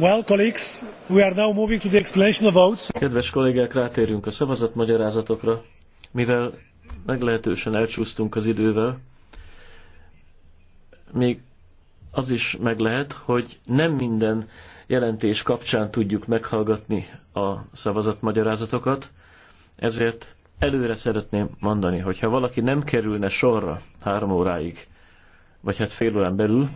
Well, colleagues, we are now moving to the explanation of votes. Kedves kollégák, rátérünk a szavazatmagyarázatokra, mivel meglehetősen elcsúsztunk az idővel. Még az is meg lehet, hogy nem minden jelentés kapcsán tudjuk meghallgatni a szavazatmagyarázatokat, ezért előre szeretném mondani, hogy ha valaki nem kerülne sorra három óráig, vagy hát fél órán belül,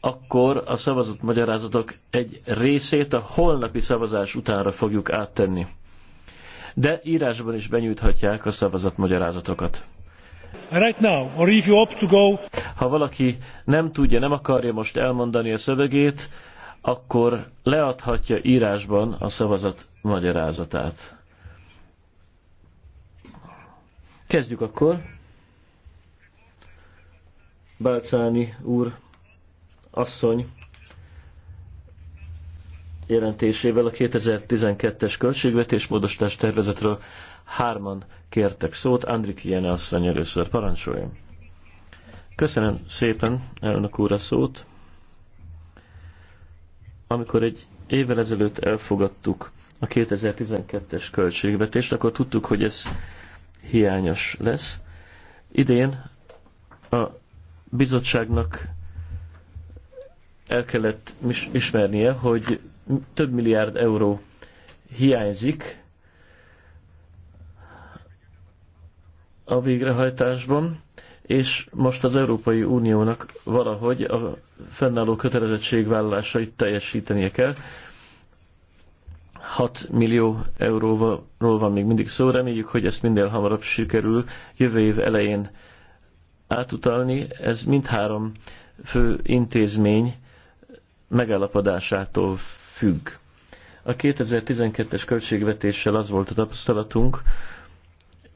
akkor a szavazott magyarázatok egy részét a holnapi szavazás utánra fogjuk áttenni. De írásban is benyújthatják a szavazat magyarázatokat. Right now, or if you opt to go... Ha valaki nem tudja, nem akarja most elmondani a szövegét, akkor leadhatja írásban a szavazat magyarázatát. Kezdjük akkor. Balcáni úr asszony jelentésével a 2012-es költségvetés módosítás tervezetről hárman kértek szót. Andrik Jene asszony először parancsoljon. Köszönöm szépen, elnök úr, a szót. Amikor egy évvel ezelőtt elfogadtuk a 2012-es költségvetést, akkor tudtuk, hogy ez hiányos lesz. Idén a bizottságnak el kellett ismernie, hogy több milliárd euró hiányzik a végrehajtásban, és most az Európai Uniónak valahogy a fennálló kötelezettségvállalásait teljesítenie kell. 6 millió euróról van még mindig szó, reméljük, hogy ezt minél hamarabb sikerül jövő év elején átutalni. Ez mindhárom fő intézmény megállapodásától függ. A 2012-es költségvetéssel az volt a tapasztalatunk,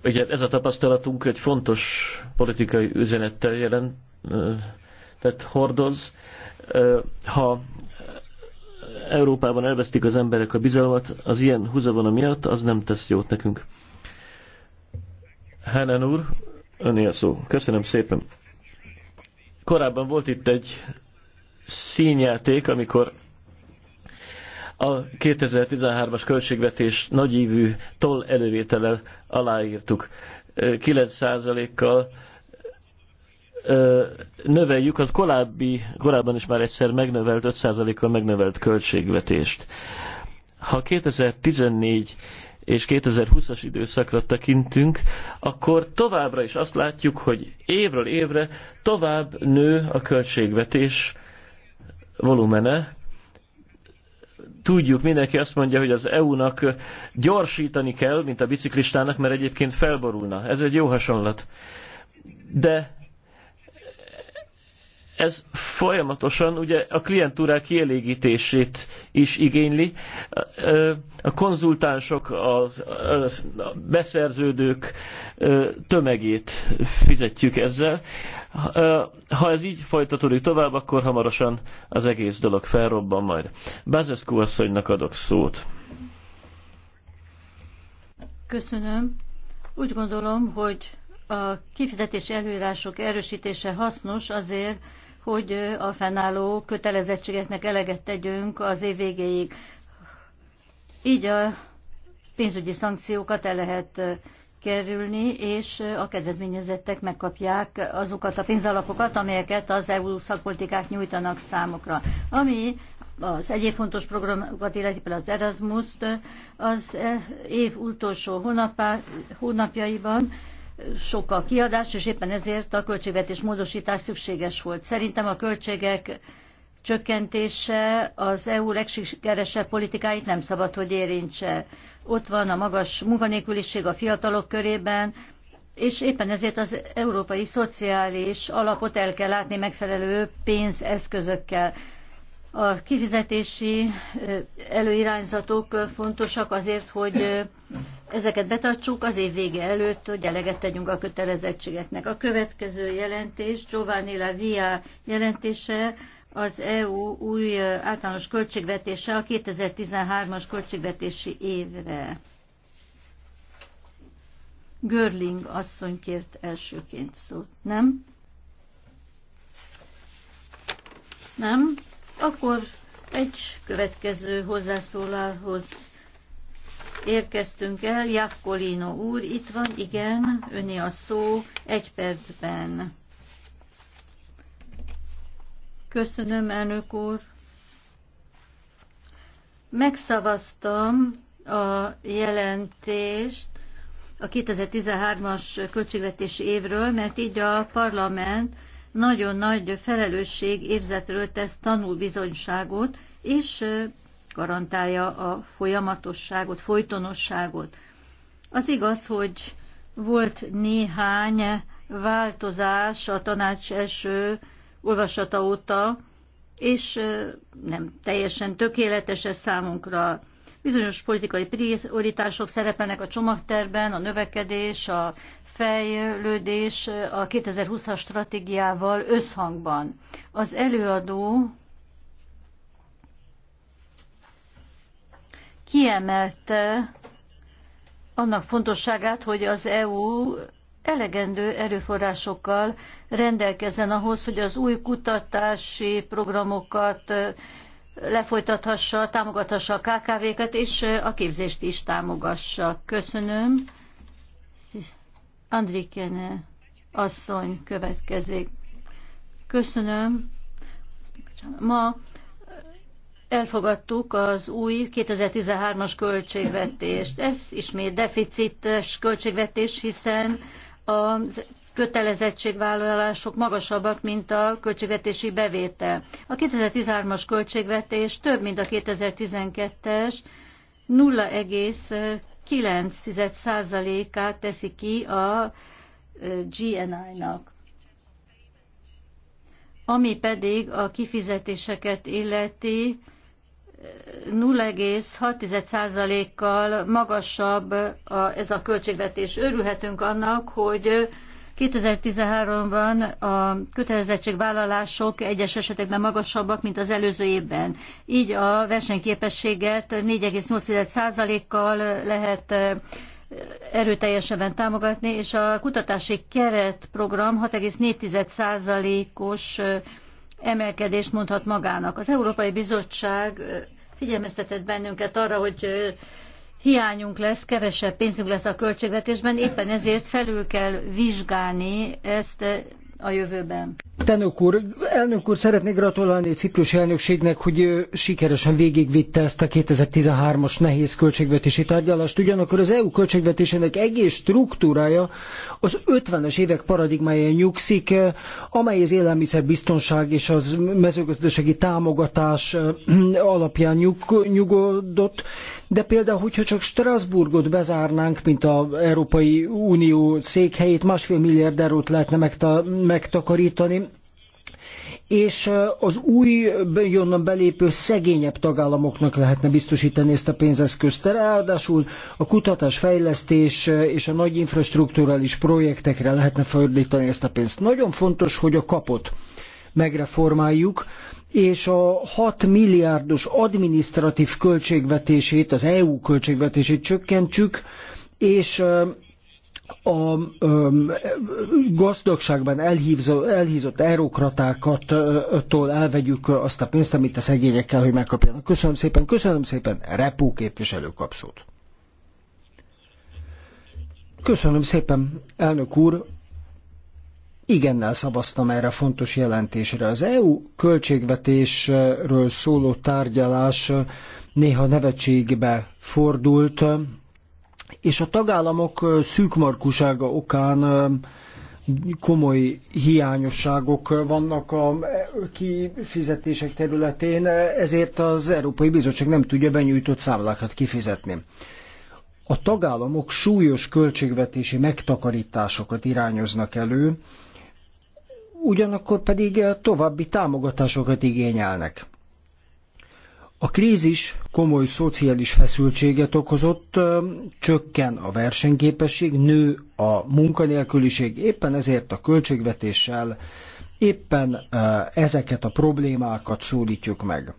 ugye ez a tapasztalatunk egy fontos politikai üzenettel jelent, tehát hordoz. Ha Európában elvesztik az emberek a bizalmat, az ilyen húzavona miatt az nem tesz jót nekünk. Henen úr, öné a szó. Köszönöm szépen. Korábban volt itt egy színjáték, amikor a 2013-as költségvetés nagyívű toll elővételel aláírtuk. 9%-kal növeljük az korábbi, korábban is már egyszer megnövelt, 5%-kal megnövelt költségvetést. Ha 2014 és 2020-as időszakra tekintünk, akkor továbbra is azt látjuk, hogy évről évre tovább nő a költségvetés volumene. Tudjuk, mindenki azt mondja, hogy az EU-nak gyorsítani kell, mint a biciklistának, mert egyébként felborulna. Ez egy jó hasonlat. De ez folyamatosan ugye a klientúrák kielégítését is igényli. A konzultánsok, az, a beszerződők tömegét fizetjük ezzel. Ha ez így folytatódik tovább, akkor hamarosan az egész dolog felrobban majd. Bázeszkó asszonynak adok szót. Köszönöm. Úgy gondolom, hogy a kifizetési előírások erősítése hasznos azért, hogy a fennálló kötelezettségeknek eleget tegyünk az év végéig. Így a pénzügyi szankciókat el lehet kerülni, és a kedvezményezettek megkapják azokat a pénzalapokat, amelyeket az EU szakpolitikák nyújtanak számukra. Ami az egyéb fontos programokat, illetve az Erasmus-t, az e- év utolsó hónapjaiban sok a kiadás, és éppen ezért a költségvetés módosítás szükséges volt. Szerintem a költségek csökkentése az EU legsikeresebb politikáit nem szabad, hogy érintse. Ott van a magas munkanélküliség a fiatalok körében, és éppen ezért az európai szociális alapot el kell látni megfelelő pénzeszközökkel. A kifizetési előirányzatok fontosak azért, hogy ezeket betartsuk az év vége előtt, hogy eleget tegyünk a kötelezettségeknek. A következő jelentés, Giovanni La Via jelentése, az EU új általános költségvetése a 2013-as költségvetési évre. Görling asszony kért elsőként szót, nem? Nem? Akkor egy következő hozzászólához érkeztünk el. Jakkolino úr, itt van, igen, öné a szó egy percben. Köszönöm, elnök úr. Megszavaztam a jelentést a 2013-as költségvetési évről, mert így a parlament nagyon nagy felelősség érzetről tesz tanulbizonyságot, és garantálja a folyamatosságot, folytonosságot. Az igaz, hogy volt néhány változás a tanács első olvasata óta, és nem teljesen tökéletes ez számunkra. Bizonyos politikai prioritások szerepelnek a csomagterben, a növekedés, a fejlődés a 2020-as stratégiával összhangban. Az előadó kiemelte annak fontosságát, hogy az EU elegendő erőforrásokkal rendelkezzen ahhoz, hogy az új kutatási programokat lefolytathassa, támogathassa a KKV-ket, és a képzést is támogassa. Köszönöm. Andrikene asszony következik. Köszönöm. Ma elfogadtuk az új 2013-as költségvetést. Ez ismét deficites költségvetés, hiszen a kötelezettségvállalások magasabbak, mint a költségvetési bevétel. A 2013-as költségvetés több, mint a 2012-es, 9%-át teszi ki a GNI-nak. Ami pedig a kifizetéseket illeti, 0,6%-kal magasabb a, ez a költségvetés. Örülhetünk annak, hogy 2013-ban a kötelezettségvállalások egyes esetekben magasabbak, mint az előző évben. Így a versenyképességet 4,8%-kal lehet erőteljesebben támogatni, és a kutatási keretprogram 6,4%-os emelkedést mondhat magának. Az Európai Bizottság figyelmeztetett bennünket arra, hogy hiányunk lesz, kevesebb pénzünk lesz a költségvetésben, éppen ezért felül kell vizsgálni ezt eh, a jövőben. Tenök úr, elnök úr, szeretnék gratulálni a ciprus elnökségnek, hogy eh, sikeresen végigvitte ezt a 2013-as nehéz költségvetési tárgyalást. Ugyanakkor az EU költségvetésének egész struktúrája az 50-es évek paradigmája nyugszik, eh, amely az élelmiszerbiztonság és az mezőgazdasági támogatás alapján nyug, nyugodott, de például, hogyha csak Strasbourgot bezárnánk, mint az Európai Unió székhelyét, másfél milliárd eurót lehetne megtakarítani, és az újonnan belépő szegényebb tagállamoknak lehetne biztosítani ezt a pénzeszközt. Ráadásul a kutatás, fejlesztés és a nagy infrastruktúrális projektekre lehetne fordítani ezt a pénzt. Nagyon fontos, hogy a kapott megreformáljuk, és a 6 milliárdos adminisztratív költségvetését, az EU költségvetését csökkentsük, és a gazdagságban elhívzó, elhízott eurokratáktól elvegyük azt a pénzt, amit a szegények kell, hogy megkapjanak. Köszönöm szépen, köszönöm szépen, Repó képviselő kapszót. Köszönöm szépen, elnök úr igennel szavaztam erre a fontos jelentésre. Az EU költségvetésről szóló tárgyalás néha nevetségbe fordult, és a tagállamok szűkmarkusága okán komoly hiányosságok vannak a kifizetések területén, ezért az Európai Bizottság nem tudja benyújtott számlákat kifizetni. A tagállamok súlyos költségvetési megtakarításokat irányoznak elő, ugyanakkor pedig eh, további támogatásokat igényelnek. A krízis komoly szociális feszültséget okozott, eh, csökken a versenyképesség, nő a munkanélküliség, éppen ezért a költségvetéssel éppen eh, ezeket a problémákat szólítjuk meg.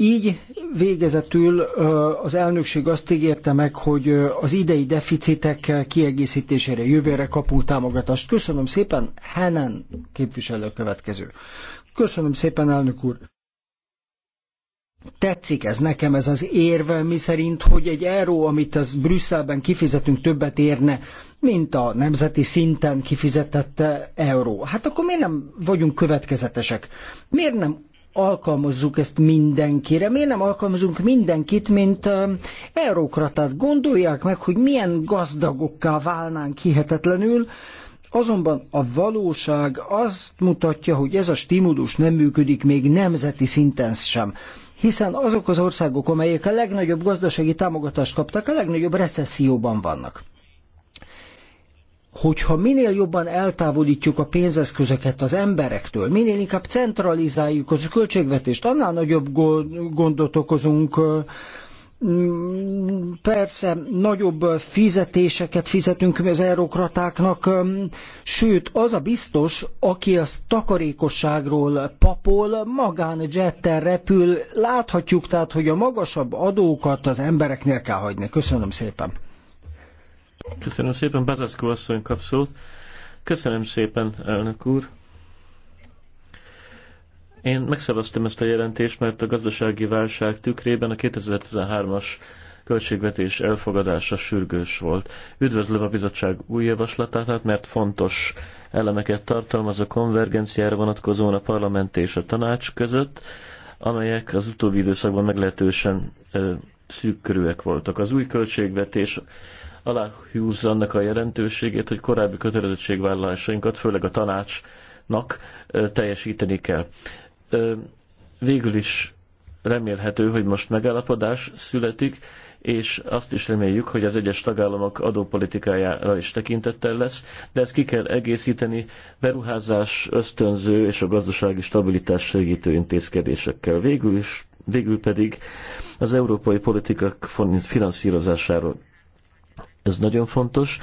Így végezetül az elnökség azt ígérte meg, hogy az idei deficitek kiegészítésére jövőre kapunk támogatást. Köszönöm szépen, Henen képviselő következő. Köszönöm szépen, elnök úr. Tetszik ez nekem, ez az érve, mi szerint, hogy egy euró, amit az Brüsszelben kifizetünk, többet érne, mint a nemzeti szinten kifizetett euró. Hát akkor miért nem vagyunk következetesek? Miért nem alkalmazzuk ezt mindenkire. Miért nem alkalmazunk mindenkit, mint um, eurokratát? Gondolják meg, hogy milyen gazdagokká válnánk hihetetlenül, Azonban a valóság azt mutatja, hogy ez a stimulus nem működik még nemzeti szinten sem. Hiszen azok az országok, amelyek a legnagyobb gazdasági támogatást kaptak, a legnagyobb recesszióban vannak hogyha minél jobban eltávolítjuk a pénzeszközöket az emberektől, minél inkább centralizáljuk az költségvetést, annál nagyobb gondot okozunk mm, persze nagyobb fizetéseket fizetünk az eurokratáknak, mm, sőt, az a biztos, aki a takarékosságról papol, magánjettel repül, láthatjuk tehát, hogy a magasabb adókat az embereknél kell hagyni. Köszönöm szépen! Köszönöm szépen, Bazaszkó asszony kap szót. Köszönöm szépen, elnök úr. Én megszavaztam ezt a jelentést, mert a gazdasági válság tükrében a 2013-as költségvetés elfogadása sürgős volt. Üdvözlöm a bizottság új javaslatát, mert fontos elemeket tartalmaz a konvergenciára vonatkozóan a parlament és a tanács között, amelyek az utóbbi időszakban meglehetősen ö, szűk körűek voltak. Az új költségvetés aláhúzza annak a jelentőségét, hogy korábbi kötelezettségvállalásainkat, főleg a tanácsnak teljesíteni kell. Végül is remélhető, hogy most megállapodás születik, és azt is reméljük, hogy az egyes tagállamok adópolitikájára is tekintettel lesz, de ezt ki kell egészíteni beruházás ösztönző és a gazdasági stabilitás segítő intézkedésekkel. Végül is végül pedig az európai politikák finanszírozásáról ez nagyon fontos,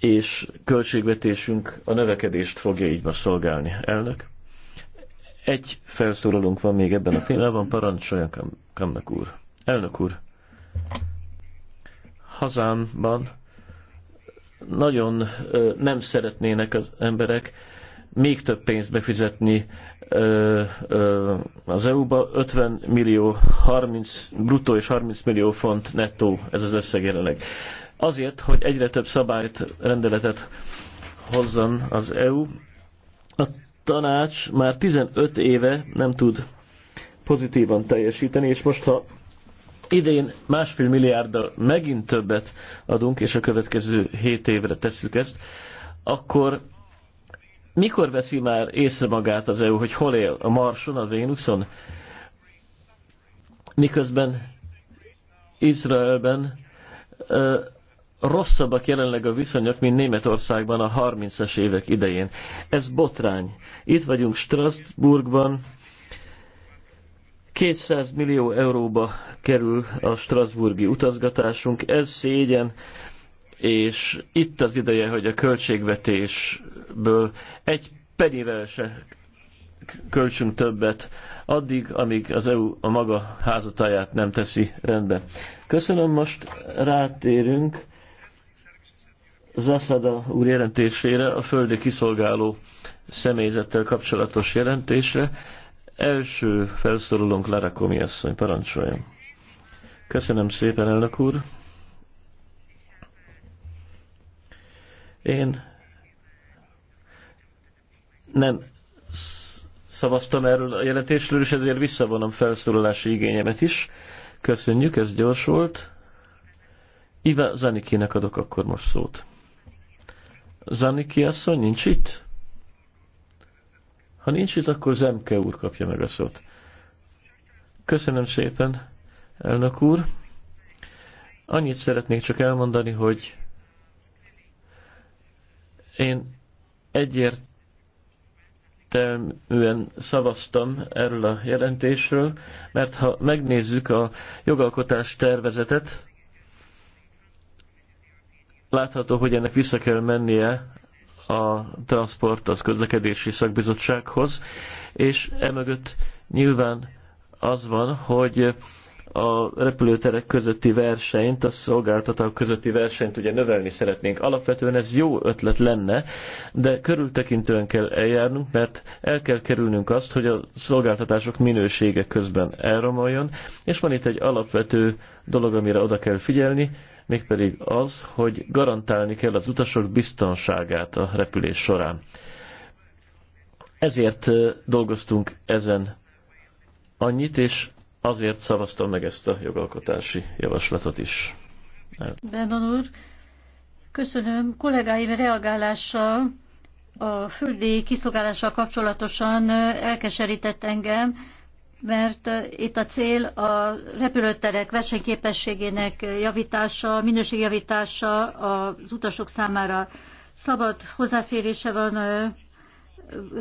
és költségvetésünk a növekedést fogja így most szolgálni. Elnök? Egy felszólalunk van még ebben a témában, parancsoljon Kamnak úr. Elnök úr, hazámban nagyon nem szeretnének az emberek még több pénzt befizetni az EU-ba. 50 millió, 30, bruttó és 30 millió font nettó ez az összeg jelenleg azért, hogy egyre több szabályt, rendeletet hozzon az EU. A tanács már 15 éve nem tud pozitívan teljesíteni, és most ha idén másfél milliárddal megint többet adunk, és a következő 7 évre tesszük ezt, akkor mikor veszi már észre magát az EU, hogy hol él? A Marson, a Vénuszon? Miközben Izraelben rosszabbak jelenleg a viszonyok, mint Németországban a 30-es évek idején. Ez botrány. Itt vagyunk Strasbourgban, 200 millió euróba kerül a Strasburgi utazgatásunk, ez szégyen, és itt az ideje, hogy a költségvetésből egy penivel se költsünk többet, addig, amíg az EU a maga házatáját nem teszi rendbe. Köszönöm, most rátérünk Zaszada úr jelentésére, a földi kiszolgáló személyzettel kapcsolatos jelentésre. Első felszorulónk Lara Komi asszony, parancsoljon. Köszönöm szépen, elnök úr. Én nem szavaztam erről a jelentésről, és ezért visszavonom felszólalási igényemet is. Köszönjük, ez gyors volt. Iva Zanikinek adok akkor most szót. Zaniki asszony nincs itt? Ha nincs itt, akkor Zemke úr kapja meg a szót. Köszönöm szépen, elnök úr. Annyit szeretnék csak elmondani, hogy én egyértelműen szavaztam erről a jelentésről, mert ha megnézzük a jogalkotás tervezetet, Látható, hogy ennek vissza kell mennie a transport, az közlekedési szakbizottsághoz, és emögött nyilván az van, hogy a repülőterek közötti versenyt, a szolgáltatók közötti versenyt ugye növelni szeretnénk. Alapvetően ez jó ötlet lenne, de körültekintően kell eljárnunk, mert el kell kerülnünk azt, hogy a szolgáltatások minősége közben elromoljon, és van itt egy alapvető dolog, amire oda kell figyelni, mégpedig az, hogy garantálni kell az utasok biztonságát a repülés során. Ezért dolgoztunk ezen annyit, és azért szavaztam meg ezt a jogalkotási javaslatot is. Benon úr, köszönöm. Kollégáim reagálása a földi kiszolgálással kapcsolatosan elkeserített engem, mert itt a cél a repülőterek versenyképességének javítása, minőségjavítása az utasok számára. Szabad hozzáférése van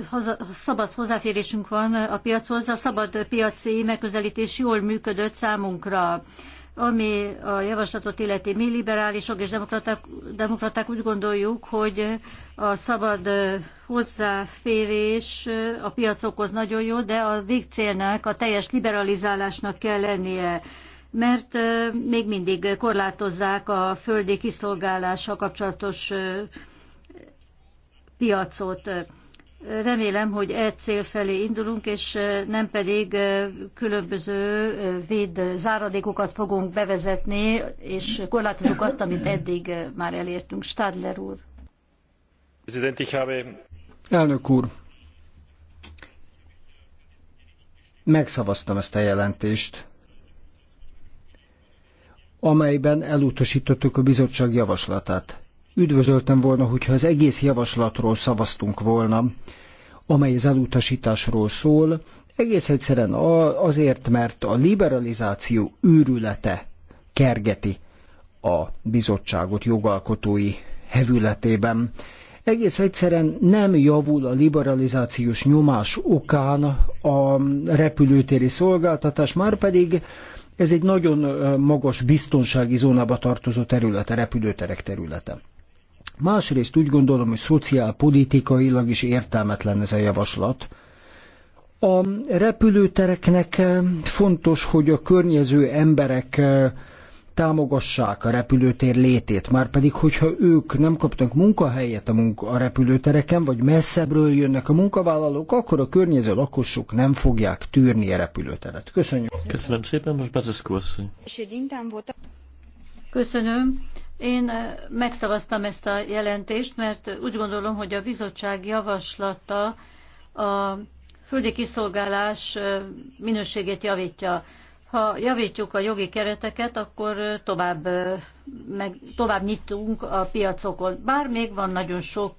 Haza, szabad hozzáférésünk van a piachoz, a szabad piaci megközelítés jól működött számunkra. Ami a javaslatot illeti, mi liberálisok és demokraták, demokraták úgy gondoljuk, hogy a szabad hozzáférés a piacokhoz nagyon jó, de a végcélnek, a teljes liberalizálásnak kell lennie mert még mindig korlátozzák a földi kiszolgálással kapcsolatos piacot. Remélem, hogy e cél felé indulunk, és e, nem pedig e, különböző e, véd záradékokat fogunk bevezetni, és korlátozunk azt, amit eddig már elértünk. Stadler úr. Elnök úr, megszavaztam ezt a jelentést, amelyben elutasítottuk a bizottság javaslatát. Üdvözöltem volna, hogyha az egész javaslatról szavaztunk volna, amely az elutasításról szól, egész egyszerűen azért, mert a liberalizáció őrülete kergeti a bizottságot jogalkotói hevületében. Egész egyszerűen nem javul a liberalizációs nyomás okán a repülőtéri szolgáltatás, már pedig ez egy nagyon magas biztonsági zónába tartozó terület, a repülőterek területe. Másrészt úgy gondolom, hogy szociálpolitikailag is értelmetlen ez a javaslat. A repülőtereknek eh, fontos, hogy a környező emberek eh, támogassák a repülőtér létét, márpedig, hogyha ők nem kapnak munkahelyet a, munka, a repülőtereken, vagy messzebbről jönnek a munkavállalók, akkor a környező lakosok nem fogják tűrni a repülőteret. Köszönjük. Köszönöm szépen, most Bazeszkó asszony. Köszönöm. Én megszavaztam ezt a jelentést, mert úgy gondolom, hogy a bizottság javaslata a földi kiszolgálás minőségét javítja. Ha javítjuk a jogi kereteket, akkor tovább, meg, tovább nyitunk a piacokon. Bár még van nagyon sok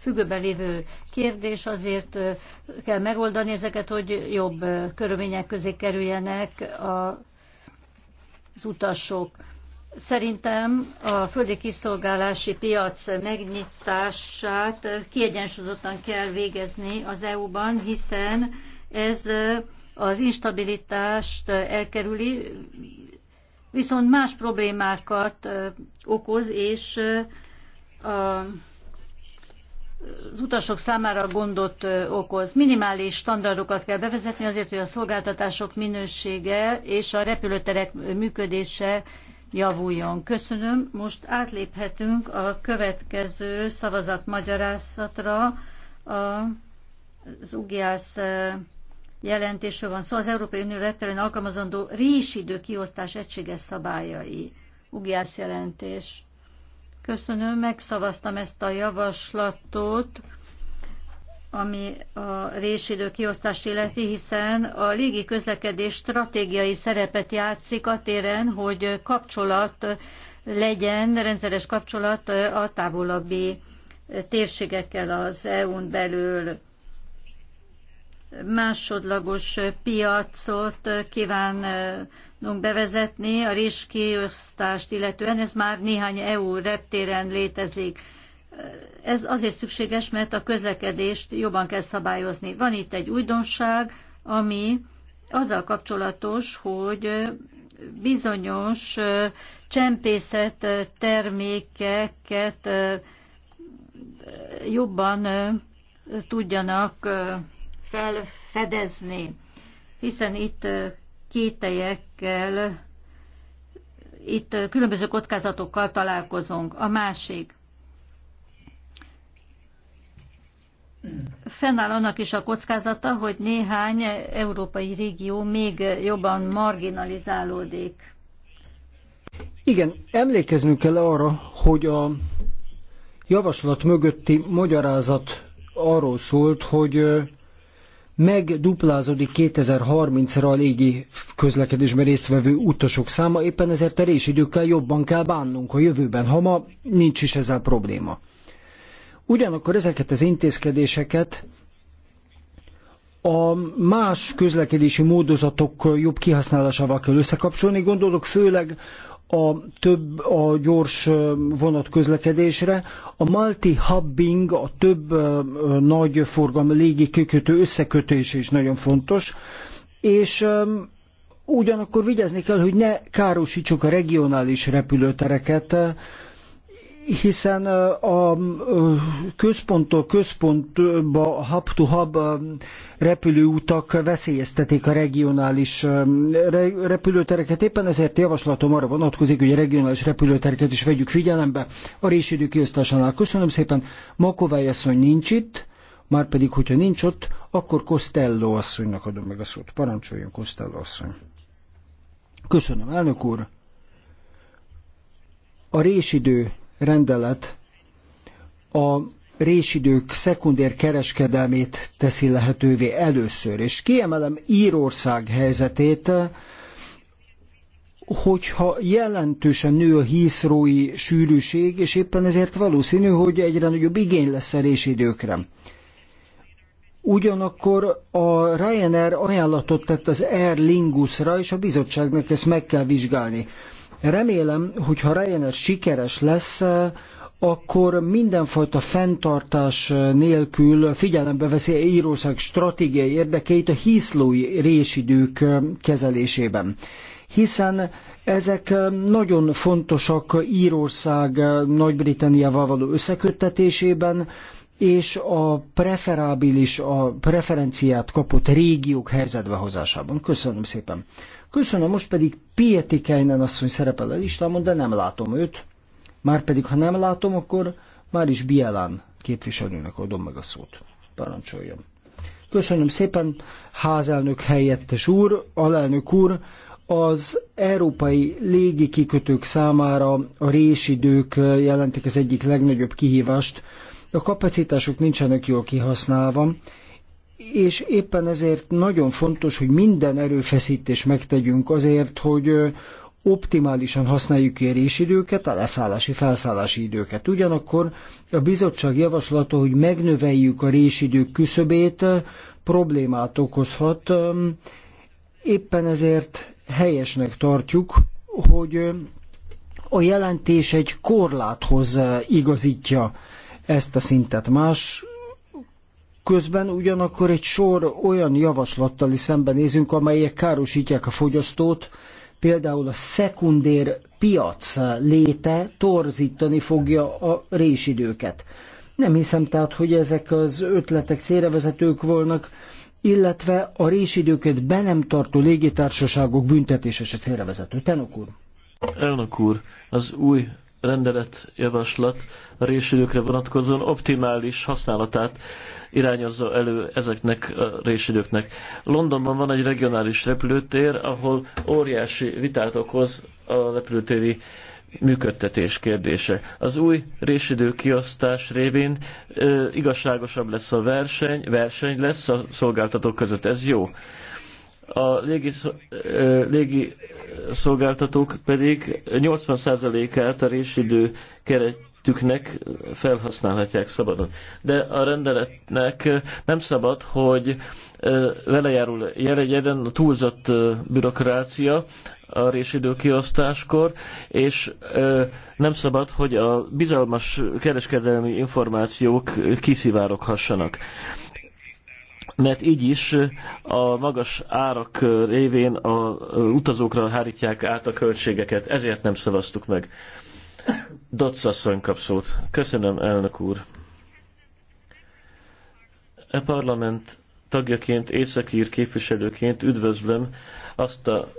függőben lévő kérdés, azért kell megoldani ezeket, hogy jobb körülmények közé kerüljenek az utasok. Szerintem a földi kiszolgálási piac megnyitását kiegyensúlyozottan kell végezni az EU-ban, hiszen ez az instabilitást elkerüli, viszont más problémákat okoz, és a az utasok számára gondot okoz. Minimális standardokat kell bevezetni azért, hogy a szolgáltatások minősége és a repülőterek működése javuljon. Köszönöm. Most átléphetünk a következő szavazatmagyarázatra. A, az UGIASZ eh, jelentésről van szó. Szóval az Európai Unió repterén alkalmazandó résidő kiosztás egységes szabályai. UGIASZ jelentés. Köszönöm, megszavaztam ezt a javaslatot ami a résidő kiosztást illeti, hiszen a légi közlekedés stratégiai szerepet játszik a téren, hogy kapcsolat legyen, rendszeres kapcsolat a távolabbi térségekkel az EU-n belül. Másodlagos piacot kívánunk bevezetni, a réskiosztást illetően ez már néhány EU reptéren létezik ez azért szükséges, mert a közlekedést jobban kell szabályozni. Van itt egy újdonság, ami azzal kapcsolatos, hogy bizonyos csempészet termékeket jobban tudjanak felfedezni, hiszen itt kételyekkel, itt különböző kockázatokkal találkozunk. A másik, fennáll annak is a kockázata, hogy néhány európai régió még jobban marginalizálódik. Igen, emlékeznünk kell arra, hogy a javaslat mögötti magyarázat arról szólt, hogy megduplázódik 2030-ra a légi közlekedésben résztvevő utasok száma, éppen ezért terésidőkkel jobban kell bánnunk a jövőben, ha ma nincs is ezzel probléma. Ugyanakkor ezeket az intézkedéseket a más közlekedési módozatok jobb kihasználásával kell összekapcsolni, gondolok főleg a több a gyors vonat közlekedésre, a multi-hubbing, a több nagy forgalmi légi kikötő összekötés is nagyon fontos, és ugyanakkor vigyázni kell, hogy ne károsítsuk a regionális repülőtereket, hiszen a központtól központba hub-to-hub repülőutak veszélyeztetik a regionális repülőtereket. Éppen ezért javaslatom arra vonatkozik, hogy a regionális repülőtereket is vegyük figyelembe a résidő kiosztásánál. Köszönöm szépen, Makovály asszony nincs itt, már pedig, hogyha nincs ott, akkor Costello asszonynak adom meg a szót. Parancsoljon, Costello asszony. Köszönöm, elnök úr. A résidő rendelet a résidők szekundér kereskedelmét teszi lehetővé először, és kiemelem Írország helyzetét, hogyha jelentősen nő a hízrói sűrűség, és éppen ezért valószínű, hogy egyre nagyobb igény lesz a résidőkre. Ugyanakkor a Ryanair ajánlatot tett az Air Lingusra, és a bizottságnak ezt meg kell vizsgálni. Remélem, hogy ha Ryanair sikeres lesz, akkor mindenfajta fenntartás nélkül figyelembe veszi Írország stratégiai érdekeit a hízlói résidők kezelésében. Hiszen ezek nagyon fontosak Írország Nagy-Britanniával való összeköttetésében, és a preferábilis, a preferenciát kapott régiók helyzetbehozásában. Köszönöm szépen. Köszönöm, most pedig Pieti Kejnen asszony szerepel a listámon, de nem látom őt. Márpedig, ha nem látom, akkor már is Bielán képviselőnek adom meg a szót. Parancsoljon. Köszönöm szépen, házelnök helyettes úr, alelnök úr, az európai légikikötők számára a résidők jelentik az egyik legnagyobb kihívást. A kapacitások nincsenek jól kihasználva, és éppen ezért nagyon fontos, hogy minden erőfeszítést megtegyünk azért, hogy optimálisan használjuk ki a résidőket, a leszállási, felszállási időket. Ugyanakkor a bizottság javaslata, hogy megnöveljük a résidők küszöbét, problémát okozhat. Éppen ezért helyesnek tartjuk, hogy a jelentés egy korláthoz igazítja ezt a szintet. Más Közben ugyanakkor egy sor olyan javaslattal is szembenézünk, amelyek károsítják a fogyasztót, például a szekundér piac léte torzítani fogja a résidőket. Nem hiszem tehát, hogy ezek az ötletek célrevezetők volnak, illetve a résidőket be nem tartó légitársaságok büntetése se célrevezető. Tenok úr! Elnök úr, az új rendeletjavaslat a résidőkre vonatkozóan optimális használatát irányozza elő ezeknek a résidőknek. Londonban van egy regionális repülőtér, ahol óriási vitát okoz a repülőtéri működtetés kérdése. Az új résidő kiosztás révén ö, igazságosabb lesz a verseny, verseny lesz a szolgáltatók között. Ez jó a légi, légi szolgáltatók pedig 80%-át a résidő keretüknek felhasználhatják szabadon. De a rendeletnek nem szabad, hogy velejárul jelegyeden a túlzott bürokrácia a résidő kiosztáskor, és nem szabad, hogy a bizalmas kereskedelmi információk kiszivároghassanak mert így is a magas árak révén a utazókra hárítják át a költségeket, ezért nem szavaztuk meg. Dotsz asszony kap szót. Köszönöm, elnök úr. E parlament tagjaként, északír képviselőként üdvözlöm azt a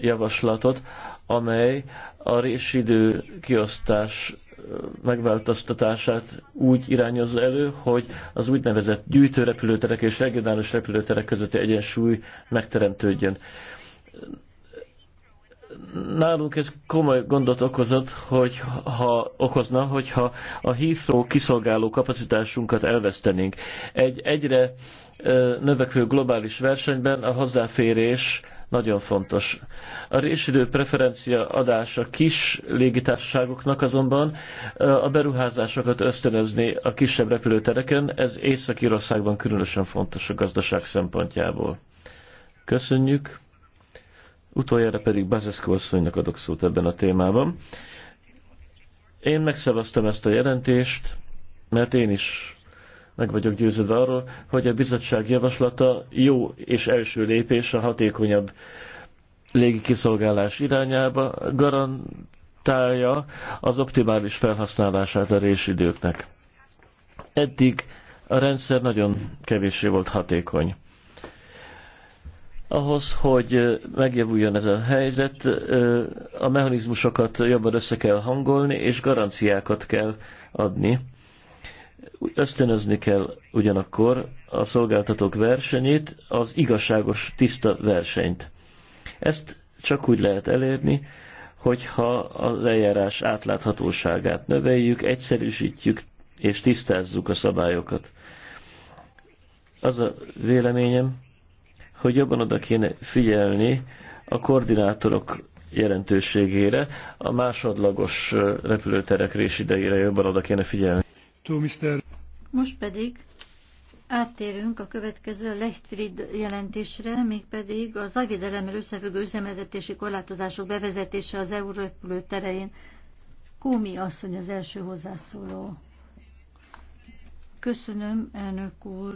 javaslatot, amely a résidő kiosztás megváltoztatását úgy irányozza elő, hogy az úgynevezett gyűjtőrepülőterek és regionális repülőterek közötti egyensúly megteremtődjön nálunk ez komoly gondot okozott, hogy ha okozna, hogyha a Heathrow kiszolgáló kapacitásunkat elvesztenénk. Egy egyre növekvő globális versenyben a hozzáférés nagyon fontos. A résidő preferencia adása kis légitársaságoknak azonban a beruházásokat ösztönözni a kisebb repülőtereken, ez Észak-Írországban különösen fontos a gazdaság szempontjából. Köszönjük! Utoljára pedig Bazeszko asszonynak adok szót ebben a témában. Én megszavaztam ezt a jelentést, mert én is meg vagyok győződve arról, hogy a bizottság javaslata jó és első lépés a hatékonyabb légikiszolgálás irányába garantálja az optimális felhasználását a résidőknek. Eddig a rendszer nagyon kevéssé volt hatékony ahhoz, hogy megjavuljon ez a helyzet, a mechanizmusokat jobban össze kell hangolni, és garanciákat kell adni. Ösztönözni kell ugyanakkor a szolgáltatók versenyét, az igazságos, tiszta versenyt. Ezt csak úgy lehet elérni, hogyha az eljárás átláthatóságát növeljük, egyszerűsítjük és tisztázzuk a szabályokat. Az a véleményem, hogy jobban oda kéne figyelni a koordinátorok jelentőségére, a másodlagos repülőterek idejére jobban oda kéne figyelni. Most pedig áttérünk a következő Lechtfried jelentésre, mégpedig a zajvédelemmel összefüggő üzemeltetési korlátozások bevezetése az EU repülőterén. Kómi asszony az első hozzászóló. Köszönöm, elnök úr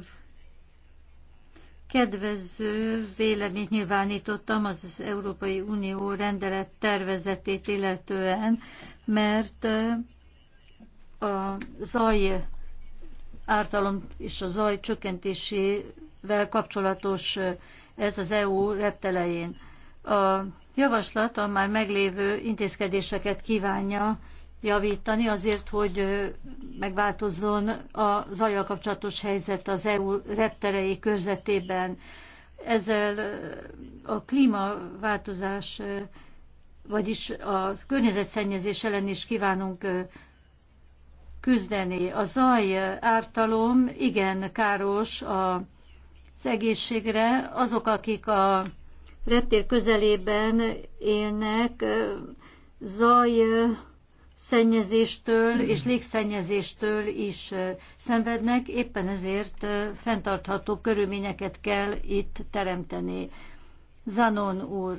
kedvező véleményt nyilvánítottam az Európai Unió rendelet tervezetét illetően, mert eh, a zaj ártalom és a zaj csökkentésével kapcsolatos eh, ez az EU reptelején. A javaslat a már meglévő intézkedéseket kívánja javítani azért, hogy megváltozzon a zajjal kapcsolatos helyzet az EU repterei körzetében. Ezzel a klímaváltozás, vagyis a környezetszennyezés ellen is kívánunk küzdeni. A zaj ártalom igen káros a az egészségre. Azok, akik a reptér közelében élnek, zaj szennyezéstől és légszennyezéstől is szenvednek, éppen ezért fenntartható körülményeket kell itt teremteni. Zanon úr,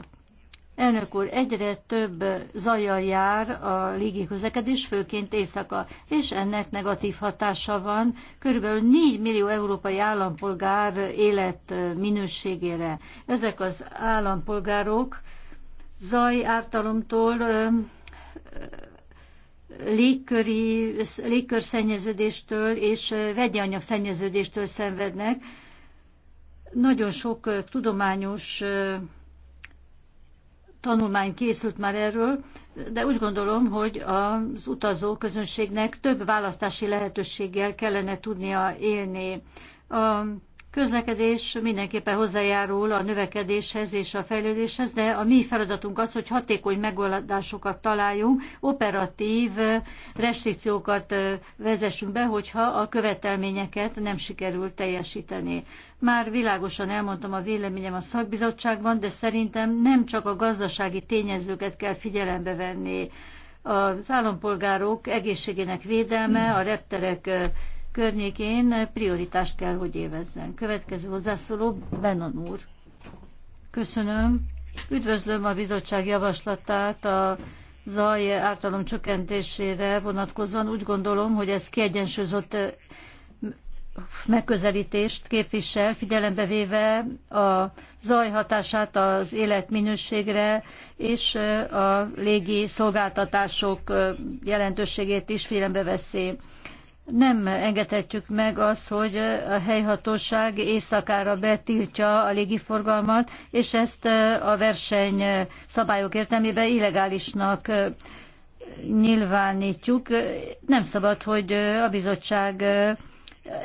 elnök úr, egyre több zajjal jár a légi közlekedés, főként éjszaka, és ennek negatív hatása van körülbelül 4 millió európai állampolgár élet minőségére. Ezek az állampolgárok zaj ártalomtól légköri, légkörszennyeződéstől és vegyi anyagszennyeződéstől szenvednek. Nagyon sok tudományos tanulmány készült már erről, de úgy gondolom, hogy az utazó közönségnek több választási lehetőséggel kellene tudnia élni. A közlekedés mindenképpen hozzájárul a növekedéshez és a fejlődéshez, de a mi feladatunk az, hogy hatékony megoldásokat találjunk, operatív restrikciókat vezessünk be, hogyha a követelményeket nem sikerül teljesíteni. Már világosan elmondtam a véleményem a szakbizottságban, de szerintem nem csak a gazdasági tényezőket kell figyelembe venni. Az állampolgárok egészségének védelme, a repterek környékén prioritást kell, hogy évezzen. Következő hozzászóló Benon úr. Köszönöm. Üdvözlöm a bizottság javaslatát a zaj ártalom csökkentésére vonatkozóan. Úgy gondolom, hogy ez kiegyensúlyozott megközelítést képvisel, figyelembe véve a zaj hatását az életminőségre és a légi szolgáltatások jelentőségét is figyelembe veszi nem engedhetjük meg azt, hogy a helyhatóság éjszakára betiltja a légiforgalmat, és ezt a verseny szabályok értelmében illegálisnak nyilvánítjuk. Nem szabad, hogy a bizottság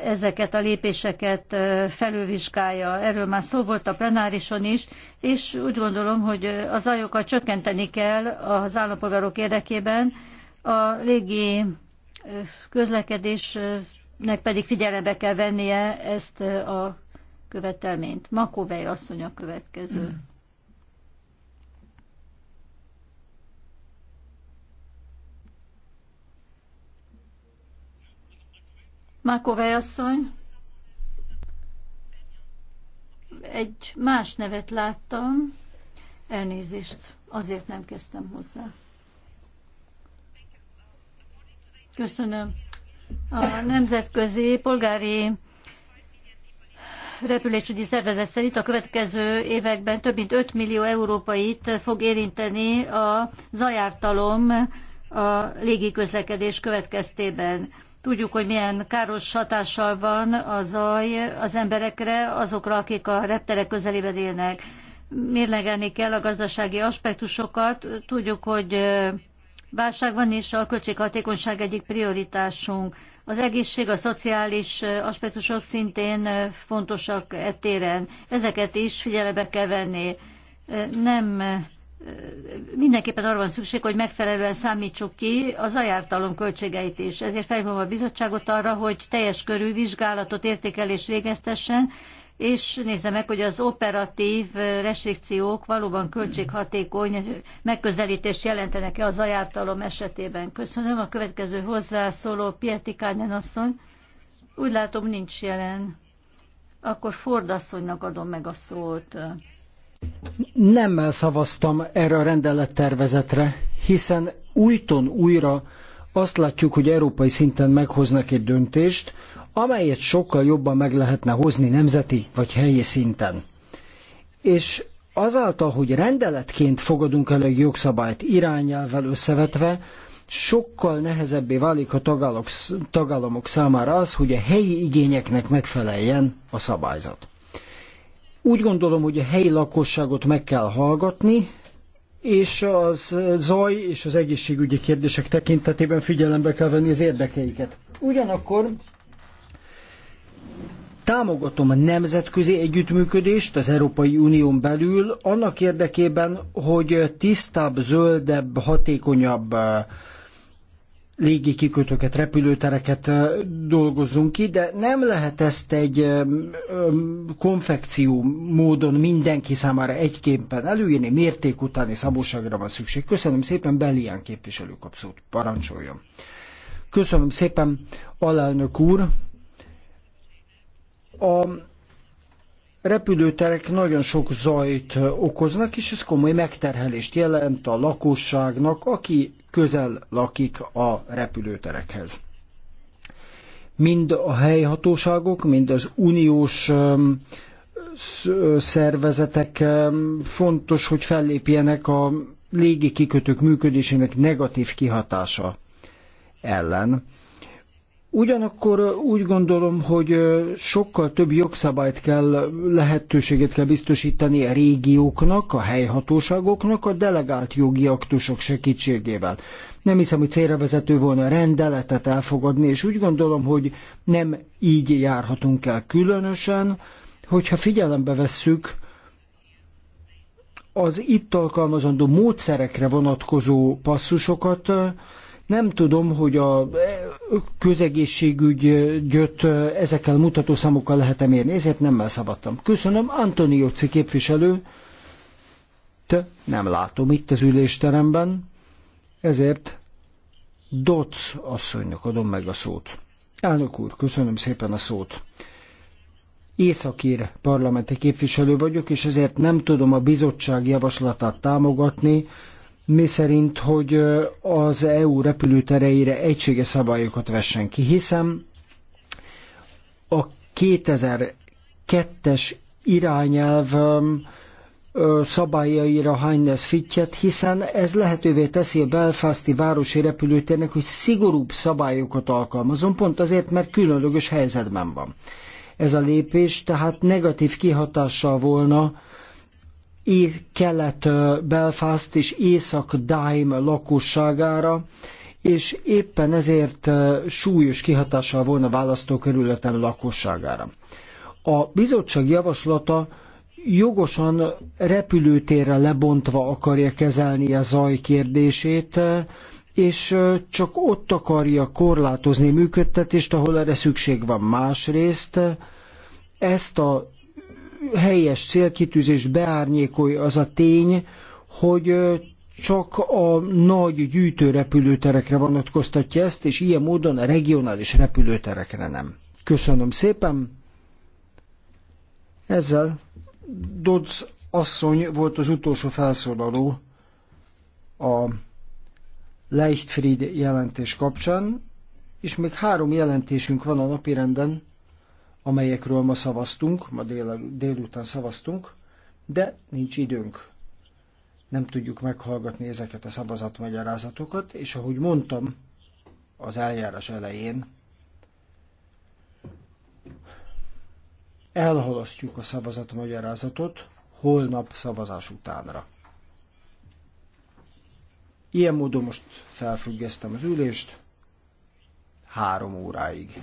ezeket a lépéseket felülvizsgálja. Erről már szó volt a plenárison is, és úgy gondolom, hogy az ajokat csökkenteni kell az állampolgárok érdekében. A légi közlekedésnek pedig figyelembe kell vennie ezt a követelményt. Makovej asszony a következő. Mm. Makovej asszony, egy más nevet láttam, elnézést, azért nem kezdtem hozzá. Köszönöm. A Nemzetközi Polgári repülésügyi szervezet szerint a következő években több mint 5 millió európait fog érinteni a zajártalom a légiközlekedés következtében. Tudjuk, hogy milyen káros hatással van a zaj az emberekre, azokra, akik a repterek közelében élnek. Mérlegelni kell a gazdasági aspektusokat. Tudjuk, hogy Válság van és a költséghatékonyság egyik prioritásunk. Az egészség, a szociális aspektusok szintén fontosak e téren. Ezeket is figyelembe kell venni. Nem mindenképpen arra van szükség, hogy megfelelően számítsuk ki az ajártalom költségeit is. Ezért felhívom a bizottságot arra, hogy teljes körű vizsgálatot, értékelést végeztessen, és nézze meg, hogy az operatív eh, restrikciók valóban költséghatékony megközelítést jelentenek-e az ajártalom esetében. Köszönöm. A következő hozzászóló Pieti Kányan asszony. Úgy látom, nincs jelen. Akkor Ford asszonynak adom meg a szót. Nem szavaztam erre a rendelettervezetre, hiszen újton újra azt látjuk, hogy európai szinten meghoznak egy döntést, amelyet sokkal jobban meg lehetne hozni nemzeti vagy helyi szinten. És azáltal, hogy rendeletként fogadunk el egy jogszabályt irányelvvel összevetve, sokkal nehezebbé válik a tagállamok, tagállamok számára az, hogy a helyi igényeknek megfeleljen a szabályzat. Úgy gondolom, hogy a helyi lakosságot meg kell hallgatni, és az zaj és az egészségügyi kérdések tekintetében figyelembe kell venni az érdekeiket. Ugyanakkor Támogatom a nemzetközi együttműködést az Európai Unión belül annak érdekében, hogy tisztább, zöldebb, hatékonyabb légikikötőket, repülőtereket dolgozzunk ki, de nem lehet ezt egy konfekció módon mindenki számára egyképpen előírni, mérték utáni szabóságra van szükség. Köszönöm szépen, Belián képviselő kapszót parancsoljon. Köszönöm szépen, alelnök úr, a repülőterek nagyon sok zajt okoznak, és ez komoly megterhelést jelent a lakosságnak, aki közel lakik a repülőterekhez. Mind a helyhatóságok, mind az uniós szervezetek fontos, hogy fellépjenek a légi kikötők működésének negatív kihatása ellen. Ugyanakkor úgy gondolom, hogy sokkal több jogszabályt kell, lehetőséget kell biztosítani a régióknak, a helyhatóságoknak a delegált jogi aktusok segítségével. Nem hiszem, hogy célra vezető volna a rendeletet elfogadni, és úgy gondolom, hogy nem így járhatunk el különösen, hogyha figyelembe vesszük, az itt alkalmazandó módszerekre vonatkozó passzusokat, nem tudom, hogy a közegészségügyöt ezekkel mutató számokkal lehet -e mérni, ezért nem elszabadtam. Köszönöm, Antoniocci képviselő. Te nem látom itt az ülésteremben, ezért Doc asszonynak adom meg a szót. Elnök úr, köszönöm szépen a szót. Északír parlamenti képviselő vagyok, és ezért nem tudom a bizottság javaslatát támogatni, mi szerint, hogy az EU repülőtereire egységes szabályokat vessen ki, hiszen a 2002-es irányelv szabályaira Heinz Fittyet, hiszen ez lehetővé teszi a belfasti városi repülőtérnek, hogy szigorúbb szabályokat alkalmazon, pont azért, mert különleges helyzetben van. Ez a lépés tehát negatív kihatással volna kelet Belfast és észak Dime lakosságára, és éppen ezért súlyos kihatással volna választókerületen lakosságára. A bizottság javaslata jogosan repülőtérre lebontva akarja kezelni a zaj kérdését, és csak ott akarja korlátozni működtetést, ahol erre szükség van. Másrészt ezt a helyes célkitűzést beárnyékolja az a tény, hogy csak a nagy gyűjtőrepülőterekre vonatkoztatja ezt, és ilyen módon a regionális repülőterekre nem. Köszönöm szépen! Ezzel Dodds asszony volt az utolsó felszólaló a Leichtfried jelentés kapcsán, és még három jelentésünk van a napirenden amelyekről ma szavaztunk, ma dél, délután szavaztunk, de nincs időnk. Nem tudjuk meghallgatni ezeket a szavazatmagyarázatokat, és ahogy mondtam az eljárás elején, elhalasztjuk a szavazatmagyarázatot holnap szavazás utánra. Ilyen módon most felfüggesztem az ülést három óráig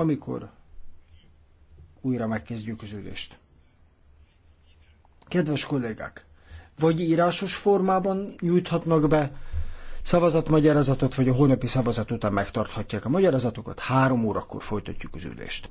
amikor újra megkezdjük az ülést. Kedves kollégák, vagy írásos formában nyújthatnak be szavazatmagyarázatot, vagy a holnapi szavazat után megtarthatják a magyarázatokat. Három órakor folytatjuk az ülést.